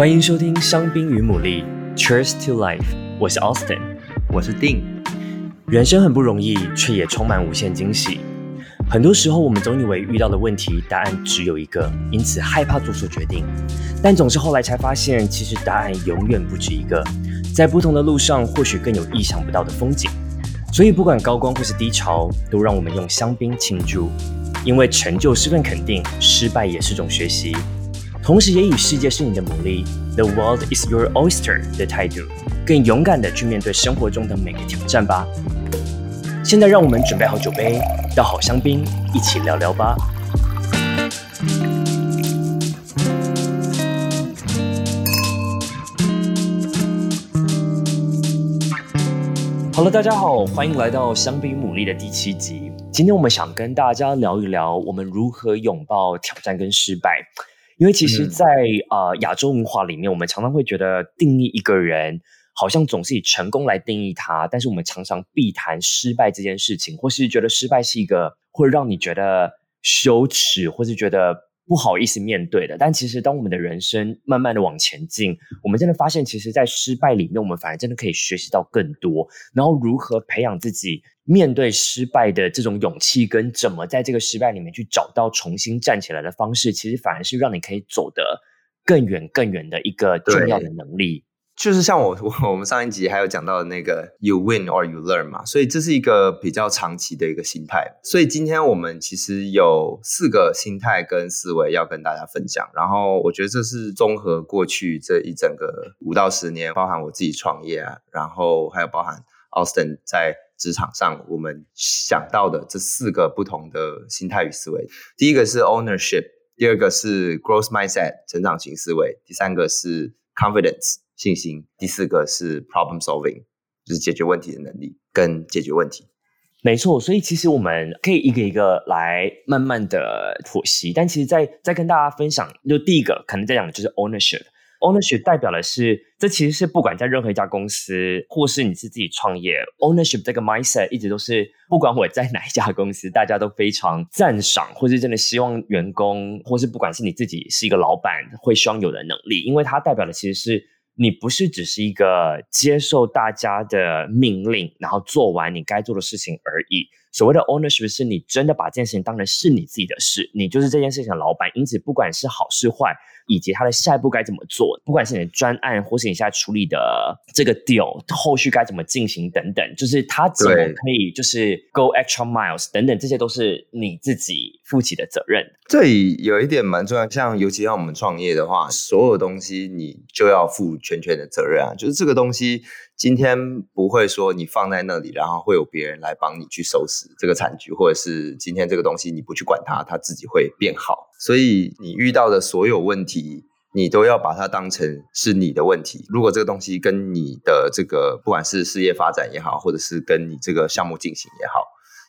歡迎收聽香檳與牡蠣，Cheers to life！我是 Austin，我是丁。人生很不容易，卻也充滿無限驚喜。很多時候，我們總以為遇到的問題答案只有一個，因此害怕做錯決定。但總是後來才發現，其實答案永遠不止一個。在不同的路上，或許更有意想不到的風景。所以，不管高光或是低潮，都讓我們用香檳慶祝，因為成就是份肯定，失敗也是種學習。同時，也與世界是你的牡蠣，The world is your oyster” 的態度，更勇敢的去面對生活中的每個挑戰吧。現在，讓我們準備好酒杯，倒好香檳，一起聊聊吧。Hello，大家好，歡迎來到《香檳牡蠣》的第七集。今天我們想跟大家聊一聊，我們如何擁抱挑戰跟失敗。因為其實在，在、嗯、呃亞洲文化裡面，我們常常會覺得定義一個人，好像總是以成功來定義他。但是，我們常常避談失敗這件事情，或是覺得失敗是一個，會讓你覺得羞恥，或是覺得。不好意思面對的，但其實當我們的人生慢慢的往前進，我們真的發現，其實，在失敗裡面，我們反而真的可以學習到更多。然後，如何培養自己面對失敗的這種勇氣，跟怎麼在這個失敗裡面去找到重新站起來的方式，其實反而是讓你可以走得更遠、更遠的一個重要的能力。就是像我我，我們上一集還有講到的那個 you win or you learn 嘛，所以這是一個比較長期的一個心態。所以今天我們其實有四個心態跟思維要跟大家分享。然後我覺得這是綜合過去這一整個五到十年，包含我自己創業啊，然後還有包含 Austin 在職場上我們想到的這四個不同的心態與思維。第一個是 ownership，第二個是 growth mindset 成長型思維，第三個是 confidence。信心，第四個是 problem solving，就是解決問題的能力跟解決問題。沒錯，所以其實我們可以一個一個來慢慢的剖析。但其實在，在在跟大家分享，就第一個可能在講的就是 ownership。Ownership 代表的是，這其實是不管在任何一家公司，或是你是自己創業，ownership 這個 mindset 一直都是，不管我在哪一家公司，大家都非常讚賞，或是真的希望員工，或是不管是你自己是一個老闆，會希望有的能力，因為它代表的其實是。你不是只是一個接受大家的命令，然後做完你該做的事情而已。所謂的 ownership 是，是你真的把這件事情當成是你自己的事，你就是這件事情的老板。因此，不管是好是壞，以及他的下一步該怎麼做，不管是你的專案或是你現在處理的這個 deal，後續該怎麼進行等等，就是他怎麼可以就是 go extra miles 等等，這些都是你自己負起的責任。這裡有一點蠻重要，像尤其像我們創業的話，所有東西你就要負全權的責任啊，就是這個東西。今天不會說你放在那裡，然後會有別人來幫你去收拾這個殘局，或者是今天這個東西你不去管它，它自己會變好。所以你遇到的所有問題，你都要把它當成是你的問題。如果這個東西跟你的這個不管是事業發展也好，或者是跟你這個項目進行也好，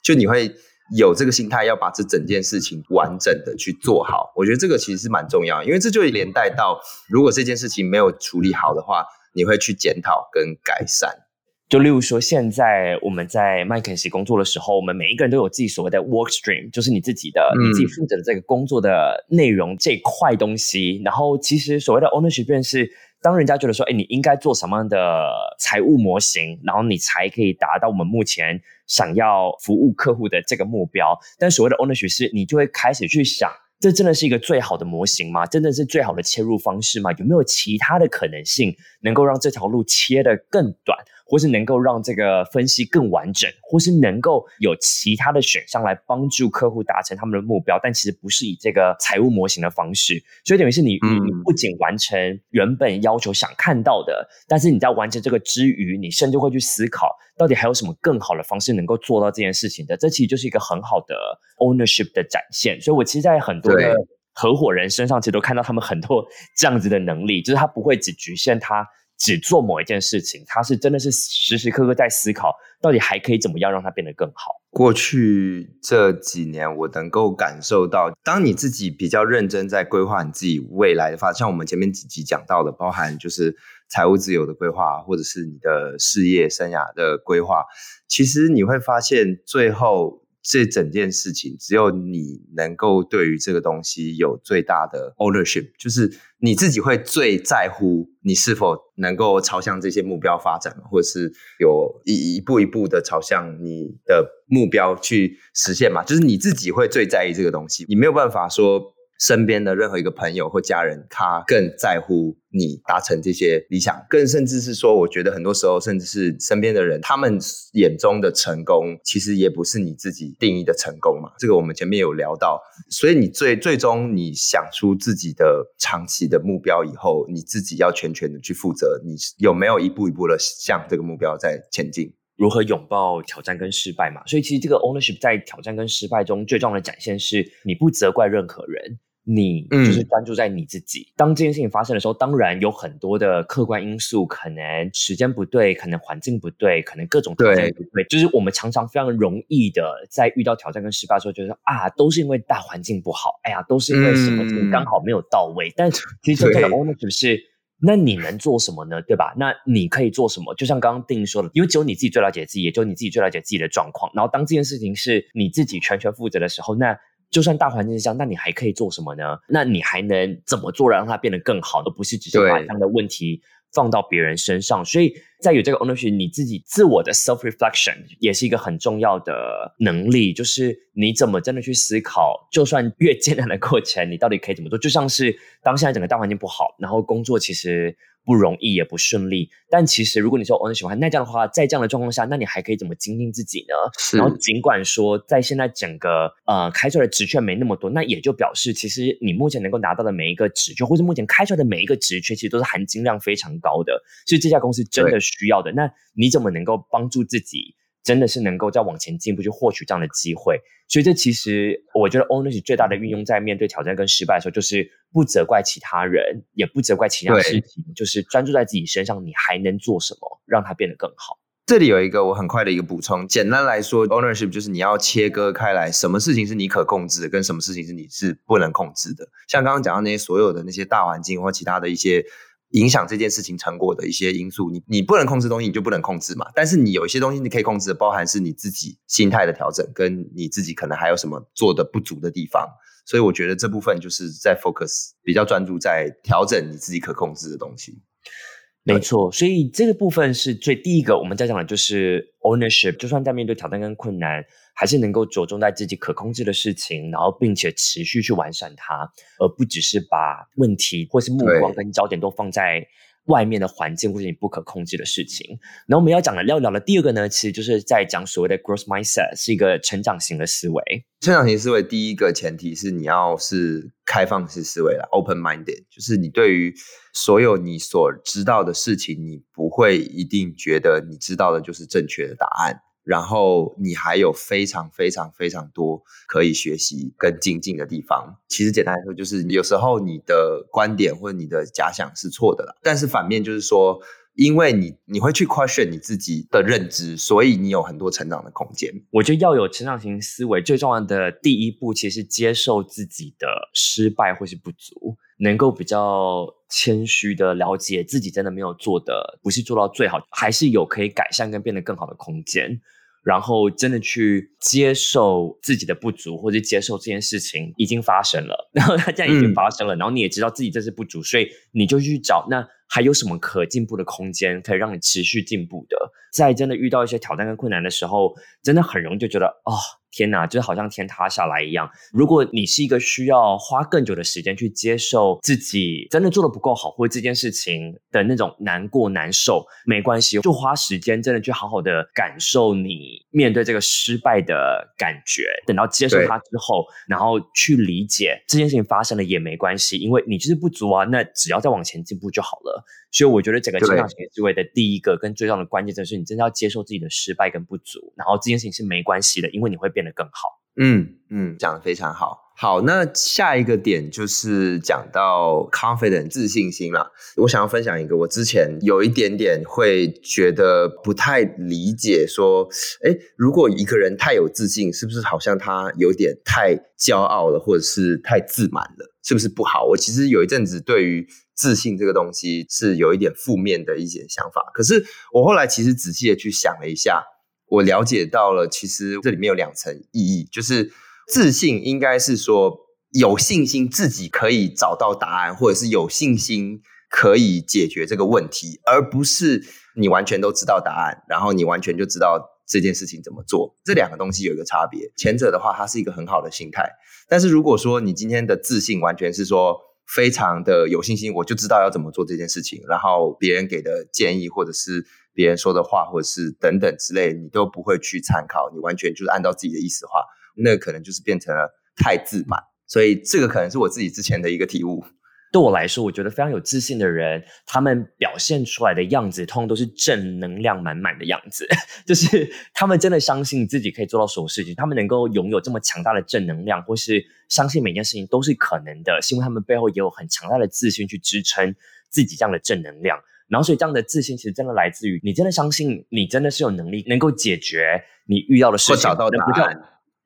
就你會有這個心態要把這整件事情完整的去做好。我覺得這個其實是蠻重要，因為這就連帶到如果這件事情沒有處理好的話。你會去檢討跟改善，就例如說，現在我們在麥肯錫工作的時候，我們每一個人都有自己所謂的 work stream，就是你自己的、嗯、你自己負責的這個工作的內容這塊東西。然後，其實所謂的 ownership 是當人家覺得說，哎，你應該做什麼樣的財務模型，然後你才可以達到我們目前想要服務客戶的這個目標。但所謂的 ownership 是你就會開始去想。這真的是一個最好的模型嗎？真的是最好的切入方式嗎？有沒有其他的可能性能夠讓這條路切得更短？或是能夠讓這個分析更完整，或是能夠有其他的選項來幫助客戶達成他們的目標，但其實不是以這個財務模型的方式。所以等於是你，你不僅完成原本要求想看到的，嗯，但是你在完成這個之餘，你甚至會去思考到底還有什麼更好的方式能夠做到這件事情的。這其實就是一個很好的 ownership 的展現。所以我其實，在很多的合夥人身上，其實都看到他們很多這樣子的能力，就是他不會只局限他。只做某一件事情，他是真的是時時刻刻在思考，到底還可以怎麼樣讓它變得更好。過去這幾年，我能夠感受到，當你自己比較認真在規劃你自己未來的話，像我們前面幾集講到的，包含就是財務自由的規劃，或者是你的事業生涯的規劃，其實你會發現，最後這整件事情，只有你能夠對於這個東西有最大的 ownership，就是。你自己會最在乎你是否能夠朝向這些目標發展，或者是有一一步一步的朝向你的目標去實現嘛？就是你自己會最在意這個東西，你沒有辦法說。身邊的任何一個朋友或家人，他更在乎你達成這些理想，更甚至是說，我覺得很多時候，甚至是身邊的人，他們眼中的成功，其實也不是你自己定義的成功嘛。這個我們前面有聊到，所以你最最終你想出自己的長期的目標以後，你自己要全權的去負責，你有沒有一步一步的向這個目標在前進？如何擁抱挑戰跟失敗嘛？所以其實這個 ownership 在挑戰跟失敗中最重要的展現是，你不責怪任何人。你就是專注在你自己、嗯。當這件事情發生的時候，當然有很多的客觀因素，可能時間不對，可能環境不對，可能各種條件不對，對。就是我們常常非常容易的，在遇到挑戰跟失敗的時候就是，就說啊，都是因為大環境不好，哎呀，都是因為什麼剛、嗯、好沒有到位。但是其實它的 only、哦、是，是，那你能做什麼呢？對吧？那你可以做什麼？就像剛剛定義說的，因為只有你自己最了解自己，也就你自己最了解自己的狀況。然後當這件事情是你自己全權負責的時候，那。就算大環境是這樣，那你還可以做什麼呢？那你還能怎麼做來讓它變得更好，都不是只是把這樣的問題放到別人身上。所以，在有這個 ownership，你自己自我的 self reflection 也是一個很重要的能力，就是你怎麼真的去思考，就算越艱難的過程，你到底可以怎麼做？就像是當現在整個大環境不好，然後工作其實。不容易，也不順利。但其實，如果你說我很喜歡，那這樣的話，在這樣的狀況下，那你還可以怎麼經營自己呢？是。然後，儘管說在現在整個呃開出來的職缺沒那麼多，那也就表示其實你目前能夠拿到的每一個職缺，或者目前開出來的每一個職缺，其實都是含金量非常高的，是這家公司真的需要的。那你怎麼能夠幫助自己？真的是能夠再往前進一步去獲取這樣的機會，所以這其實我覺得 ownership 最大的運用在面對挑戰跟失敗的時候，就是不責怪其他人，也不責怪其他事情，就是專注在自己身上，你還能做什麼，讓它變得更好。這裡有一個我很快的一個補充，簡單來說，ownership 就是你要切割開來，什麼事情是你可控制的，跟什麼事情是你是不能控制的。像剛剛講到那些所有的那些大環境或其他的一些。影響這件事情成果的一些因素，你你不能控制東西，你就不能控制嘛。但是你有一些東西你可以控制的，包含是你自己心態的調整，跟你自己可能還有什麼做的不足的地方。所以我覺得這部分就是在 focus 比較專注在調整你自己可控制的東西。沒錯，所以這個部分是最第一個我們在講的就是 ownership。就算在面對挑戰跟困難，還是能夠着重在自己可控制的事情，然後並且持續去完善它，而不只是把問題或是目光跟焦點都放在。外面的環境或者你不可控制的事情，那我們要講的要聊，聊的第二個呢，其實就是在講所謂的 growth mindset，是一個成長型的思維。成長型思維第一個前提是你要是開放式思維了，open minded，就是你對於所有你所知道的事情，你不會一定覺得你知道的就是正確的答案。然後你還有非常非常非常多可以學習跟精進的地方。其實簡單來說，就是有時候你的觀點或者你的假想是錯的啦，但是反面就是說。因為你你會去 question 你自己的認知，所以你有很多成長的空間。我覺得要有成長型思維，最重要的第一步其實是接受自己的失敗或是不足，能夠比較謙虛的了解自己真的沒有做的不是做到最好，還是有可以改善跟變得更好的空間。然後真的去接受自己的不足，或者是接受這件事情已經發生了。然後它現在已經發生了、嗯，然後你也知道自己這是不足，所以你就去找那。還有什麼可進步的空間，可以讓你持續進步的？在真的遇到一些挑戰跟困難的時候，真的很容易就覺得哦，天哪，就是好像天塌下來一樣。如果你是一個需要花更久的時間去接受自己真的做得不夠好，或者這件事情的那種難過、難受，沒關係，就花時間真的去好好的感受你面對這個失敗的感覺。等到接受它之後，然後去理解這件事情發生了也沒關係，因為你就是不足啊，那只要再往前進步就好了。嗯、所以我覺得整個成長型思維的第一個跟最重要的關鍵，就是你真的要接受自己的失敗跟不足，然後這件事情是沒關係的，因為你會變得更好。嗯嗯，講得非常好。好，那下一個點就是講到 confident 自信心了。我想要分享一個，我之前有一點點會覺得不太理解說，說、欸，如果一個人太有自信，是不是好像他有點太驕傲了，或者是太自滿了，是不是不好？我其實有一陣子對於自信這個東西是有一點負面的一些想法，可是我後來其實仔細的去想了一下，我了解到了，其實這裡面有兩層意義，就是自信應該是說有信心自己可以找到答案，或者是有信心可以解決這個問題，而不是你完全都知道答案，然後你完全就知道這件事情怎麼做。這兩個東西有一個差別，前者的話它是一個很好的心態，但是如果說你今天的自信完全是說，非常的有信心，我就知道要怎麼做這件事情。然後別人給的建議，或者是別人說的話，或者是等等之類，你都不會去參考，你完全就是按照自己的意思的話，那可能就是變成了太自滿。所以這個可能是我自己之前的一個體悟。對我來說，我覺得非常有自信的人，他們表現出來的樣子，通常都是正能量滿滿的樣子。就是他們真的相信自己可以做到所有事情，他們能夠擁有這麼強大的正能量，或是相信每件事情都是可能的，是因為他們背後也有很強大的自信去支撐自己這樣的正能量。然後，所以這樣的自信其實真的來自於你真的相信你真的是有能力能夠解決你遇到的事情，找到答案。不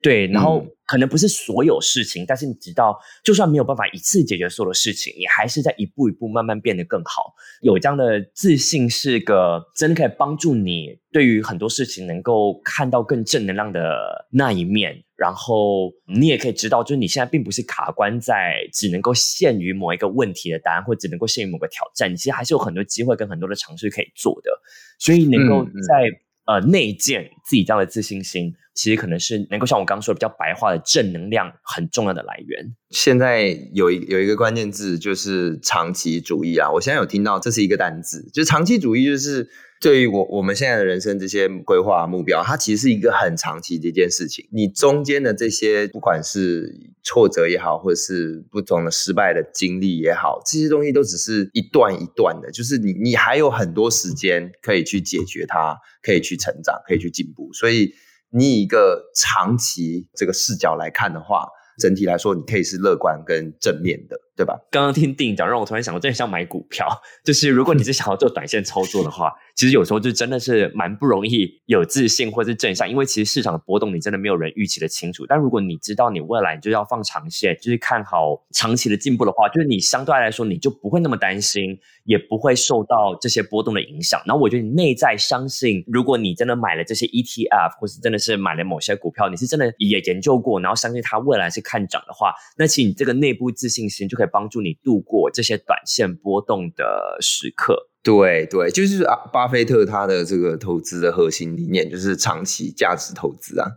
對，然後可能不是所有事情，嗯、但是你知道，就算沒有辦法一次解決所有事情，你還是在一步一步慢慢變得更好。有這樣的自信，是個真的可以幫助你對於很多事情能夠看到更正能量的那一面。然後你也可以知道，就是你現在並不是卡關在只能夠限於某一個問題的答案，或者只能夠限於某個挑戰。你其實還是有很多機會跟很多的嘗試可以做的。所以能夠在、嗯、呃內建自己這樣的自信心。其實可能是能夠像我剛剛說的比較白話的正能量很重要的來源。現在有一有一個關鍵字，就是長期主義啊，我現在有聽到這是一個單字，就長期主義就是對於我我們現在的人生這些規劃目標，它其實是一個很長期的一件事情。你中間的這些不管是挫折也好，或者是不同的失敗的經歷也好，這些東西都只是一段一段的，就是你你還有很多時間可以去解決它，可以去成長，可以去進步，所以。你以一個長期這個視角來看的話，整體來說你可以是樂觀跟正面的。對吧？剛剛聽電影講，讓我突然想到，這也像買股票。就是如果你是想要做短線操作的話， 其實有時候就真的是蠻不容易有自信，或是正向，因為其實市場的波動，你真的沒有人預期的清楚。但如果你知道你未來你就要放長線，就是看好長期的進步的話，就是你相對來說你就不會那麼擔心，也不會受到這些波動的影響。然後我覺得你內在相信，如果你真的買了這些 ETF，或是真的是買了某些股票，你是真的也研究過，然後相信它未來是看漲的話，那其實你這個內部自信心就可以。幫助你度過這些短線波動的時刻。對對，就是巴菲特他的這個投資的核心理念，就是長期價值投資啊，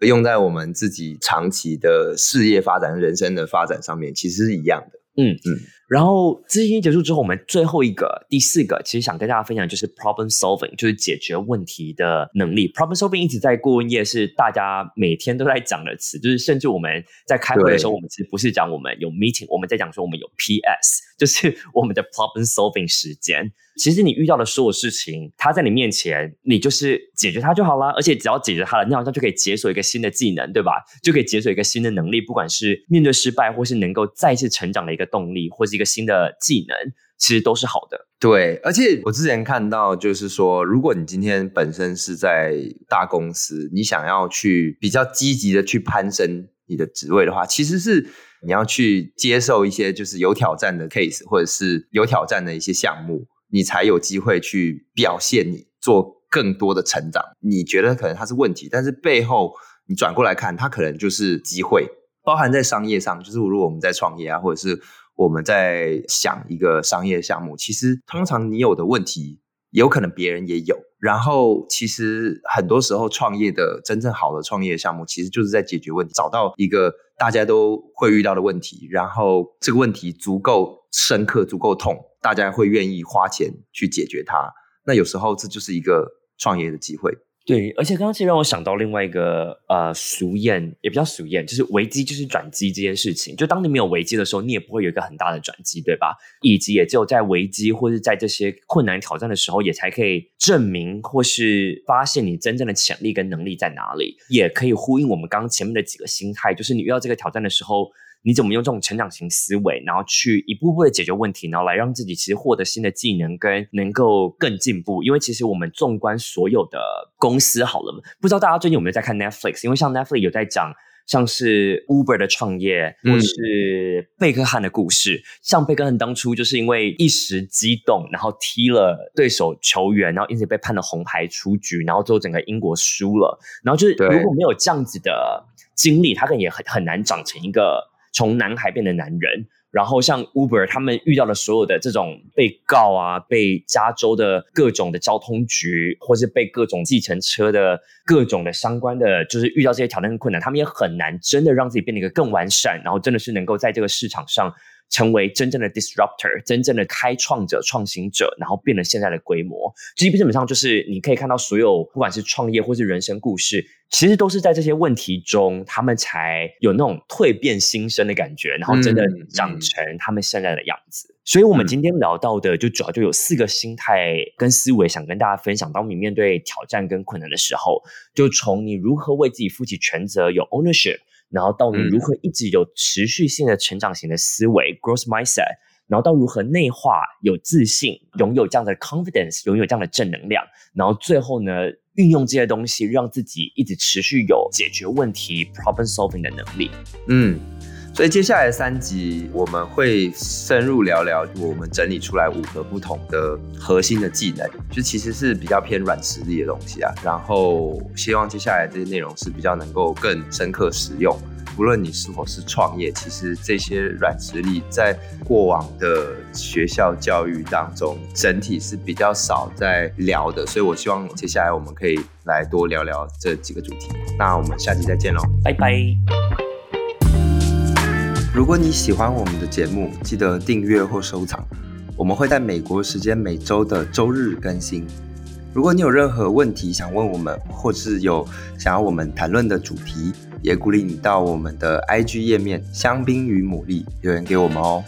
用在我們自己長期的事業發展、人生的發展上面，其實是一樣的。嗯嗯。然後諮詢結束之後，我們最後一個、第四個，其實想跟大家分享就是 problem solving，就是解決問題的能力。嗯、problem solving 一直在顧問業是大家每天都在講的詞，就是甚至我們在開會的時候，我們其實不是講我們有 meeting，我們在講說我們有 PS。就是我們的 problem solving 時間，其實你遇到的所有事情，它在你面前，你就是解決它就好啦。而且只要解決它了，你好像就可以解鎖一個新的技能，對吧？就可以解鎖一個新的能力，不管是面對失敗，或是能夠再次成長的一個動力，或是一個新的技能，其實都是好的。對，而且我之前看到，就是說，如果你今天本身是在大公司，你想要去比較積極的去攀升你的職位的話，其實是。你要去接受一些就是有挑戰的 case，或者是有挑戰的一些項目，你才有機會去表現，你做更多的成長。你覺得可能它是問題，但是背後你轉過來看，它可能就是機會。包含在商業上，就是如果我們在創業啊，或者是我們在想一個商業項目，其實通常你有的問題，有可能別人也有。然後其實很多時候創業的真正好的創業項目，其實就是在解決問題，找到一個。大家都會遇到的問題，然後這個問題足夠深刻、足夠痛，大家會願意花錢去解決它。那有時候這就是一個創業的機會。對，而且剛剛其實讓我想到另外一個呃俗諺，也比較俗諺，就是危機就是轉機這件事情。就當你沒有危機的時候，你也不會有一個很大的轉機，對吧？以及也只有在危機或是在這些困難挑戰的時候，也才可以證明或是發現你真正的潛力跟能力在哪裡。也可以呼應我們剛剛前面的幾個心態，就是你遇到這個挑戰的時候。你怎麼用這種成長型思維，然後去一步步的解決問題，然後來讓自己其實獲得新的技能，跟能夠更進步。因為其實我們縱觀所有的公司，好了，不知道大家最近有沒有在看 Netflix？因為像 Netflix 有在講，像是 Uber 的創業，或是貝克漢的故事，嗯。像貝克漢當初就是因為一時激動，然後踢了對手球員，然後因此被判了紅牌出局，然後最後整個英國輸了。然後就是如果沒有這樣子的經歷，他可能也很很難長成一個。從男孩變成男人，然後像 Uber 他們遇到的所有的這種被告啊，被加州的各種的交通局，或是被各種計程車的各種的相關的，就是遇到這些挑戰跟困難，他們也很難真的讓自己變得一個更完善，然後真的是能夠在這個市場上。成為真正的 disruptor，真正的開創者、創新者，然後變了現在的規模，基本上就是你可以看到所有不管是創業或是人生故事，其實都是在這些問題中，他們才有那種蛻變新生的感覺，然後真的長成他們現在的樣子。嗯、所以，我們今天聊到的就主要就有四個心態跟思維，想跟大家分享。當你面對挑戰跟困難的時候，就從你如何為自己負起全責，有 ownership。然後到如何一直有持續性的成長型的思維 growth mindset，然後到如何內化有自信，擁有這樣的 confidence，擁有這樣的正能量，然後最後呢，運用這些東西讓自己一直持續有解決問題 problem solving 的能力。嗯。所以接下來三集我們會深入聊聊，我們整理出來五個不同的核心的技能，就其實是比較偏軟實力的東西啊。然後希望接下來這些內容是比較能夠更深刻實用。不論你是否是創業，其實這些軟實力在過往的學校教育當中整體是比較少在聊的。所以我希望接下來我們可以來多聊聊這幾個主題。那我們下期再見嘍，拜拜。如果你喜歡我們的節目，記得訂閱或收藏。我們會在美國時間每周的周日更新。如果你有任何問題想問我們，或是有想要我們談論的主題，也鼓勵你到我們的 IG 頁面“香檳與牡蠣”留言給我們哦。